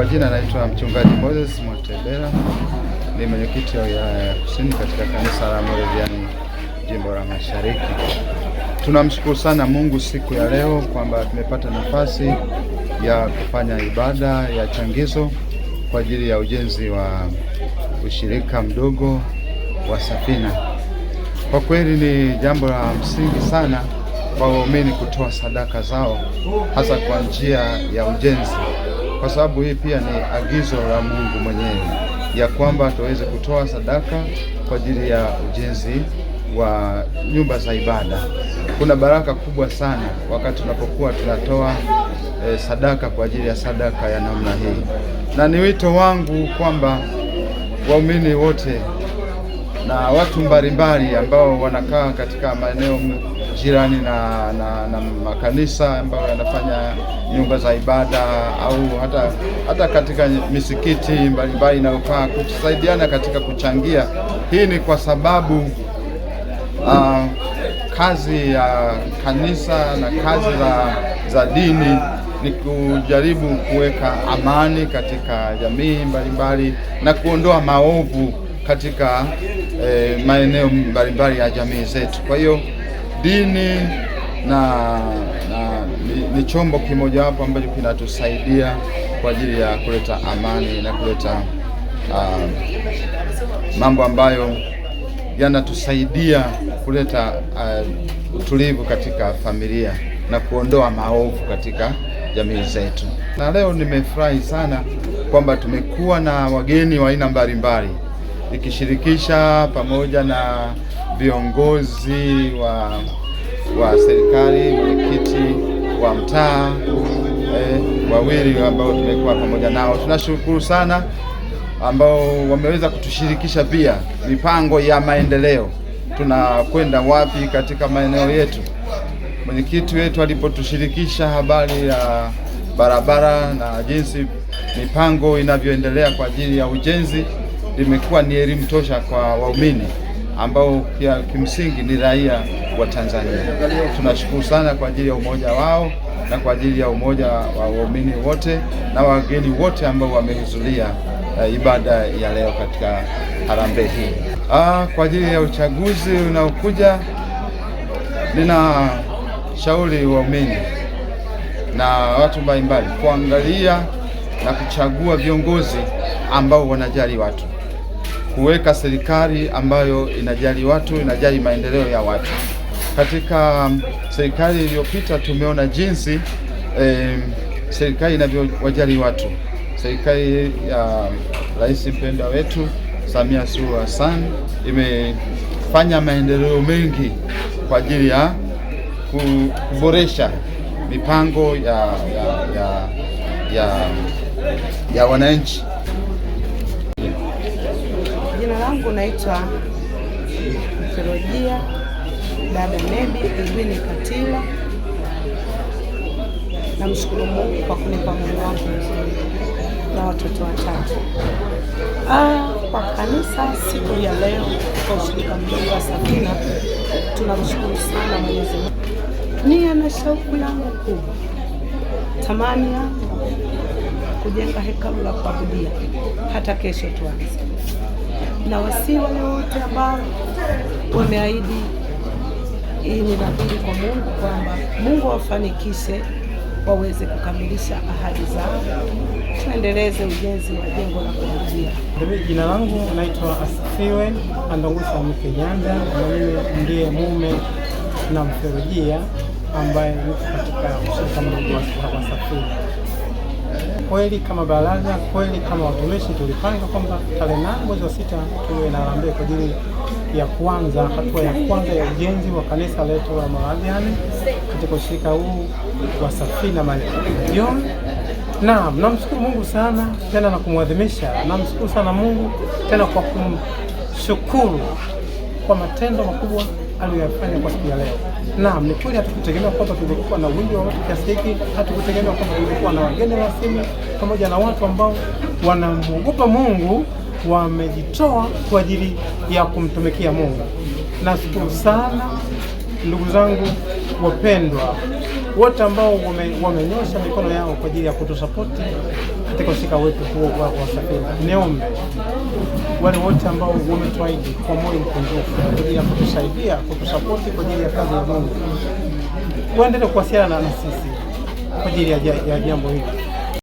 Kwa jina naitwa Mchungaji Moses Mwatebela, ni mwenyekiti wa wilaya ya Kusini katika kanisa la Moravian jimbo la Mashariki. Tunamshukuru sana Mungu siku ya leo kwamba tumepata nafasi ya kufanya ibada ya changizo kwa ajili ya ujenzi wa ushirika mdogo wa Safina. Kwa kweli ni jambo la msingi sana kwa waumini kutoa sadaka zao hasa kwa njia ya ujenzi kwa sababu hii pia ni agizo la Mungu mwenyewe ya kwamba tuweze kutoa sadaka kwa ajili ya ujenzi wa nyumba za ibada. Kuna baraka kubwa sana wakati tunapokuwa tunatoa eh, sadaka kwa ajili ya sadaka ya namna hii, na ni wito wangu kwamba waumini wote na watu mbalimbali ambao wanakaa katika maeneo jirani na, na, na makanisa ambayo yanafanya nyumba za ibada au hata, hata katika misikiti mbalimbali inayofaa kusaidiana katika kuchangia. Hii ni kwa sababu uh, kazi ya kanisa na kazi za, za dini ni kujaribu kuweka amani katika jamii mbalimbali na kuondoa maovu katika eh, maeneo mbalimbali ya jamii zetu. Kwa hiyo dini na, na ni, ni chombo kimojawapo ambacho kinatusaidia kwa ajili ya kuleta amani na kuleta uh, mambo ambayo yanatusaidia kuleta uh, utulivu katika familia na kuondoa maovu katika jamii zetu. Na leo nimefurahi sana kwamba tumekuwa na wageni wa aina mbalimbali ikishirikisha pamoja na viongozi wa, wa serikali, mwenyekiti wa mtaa eh, wawili ambao tumekuwa pamoja nao, tunashukuru sana ambao wameweza kutushirikisha pia mipango ya maendeleo, tunakwenda wapi katika maeneo yetu. Mwenyekiti wetu alipotushirikisha habari ya barabara na jinsi mipango inavyoendelea kwa ajili ya ujenzi, limekuwa ni elimu tosha kwa waumini ambao kimsingi ni raia wa Tanzania. Tunashukuru sana kwa ajili ya umoja wao na kwa ajili ya umoja wa waumini wote na wageni wote ambao wamehudhuria uh, ibada ya leo katika harambee hii. Ah, kwa ajili ya uchaguzi unaokuja, nina shauri waumini na watu mbalimbali kuangalia na kuchagua viongozi ambao wanajali watu kuweka serikali ambayo inajali watu, inajali maendeleo ya watu. Katika um, serikali iliyopita tumeona jinsi eh, serikali inavyowajali watu. Serikali ya um, rais mpendwa wetu Samia Suluhu Hassan imefanya maendeleo mengi kwa ajili ya kuboresha mipango ya, ya, ya, ya, ya wananchi wangu naitwa Theolojia dada Nebi Edwini Katila. Namshukuru Mungu kwa kunipa mume wangu mzuri na watoto watatu. Ah, kwa kanisa siku ya leo, kwa ushirika mdogo wa Safina, tunamshukuru sana Mwenyezi Mungu. Nia na shauku yangu kubwa, tamani yangu kujenga hekalu la kuabudia, hata kesho tuanze na wasila wote ambao wameahidi hii ni ninabili kwa Mungu kwamba Mungu awafanikishe waweze kukamilisha ahadi zao, tuendeleze ujenzi wa jengo la kuanzia. Jina langu naitwa Asifiwe Andongusa Mkejanda, na mimi ndiye mume na mferujia ambaye yuko katika ushirika mdogo wa Wasafiri. Kweli kama baraza, kweli kama watumishi, tulipanga kwamba tarehe nane mwezi wa sita tuwe na harambee kwa ajili ya kwanza, hatua ya kwanza ya ujenzi wa kanisa letu la Moravian katika ushirika huu wa Safina Malkia. Naam, namshukuru Mungu sana tena na kumwadhimisha. Namshukuru sana Mungu tena kwa kumshukuru kwa matendo makubwa aliyoyafanya kwa siku ya leo. Naam, ni kweli hatukutegemea kwamba tungekuwa na wingi wa watu kiasi hiki, hatukutegemea kwamba tungekuwa na wageni rasmi pamoja na watu ambao wanamwogopa Mungu, wamejitoa kwa ajili ya kumtumikia Mungu. Nashukuru sana ndugu zangu wapendwa wote ambao wamenyosha mikono yao kwa ajili ya kutusapoti katika ushirika wetu huo wa wasafiri. Niombe wale wote ambao wametuahidi kwa moyo mkunjufu kwa ajili ya kutusaidia, kutusapoti kwa ajili ya kazi ya Mungu, waendelee kuwasiliana na sisi kwa ajili ya jambo hili.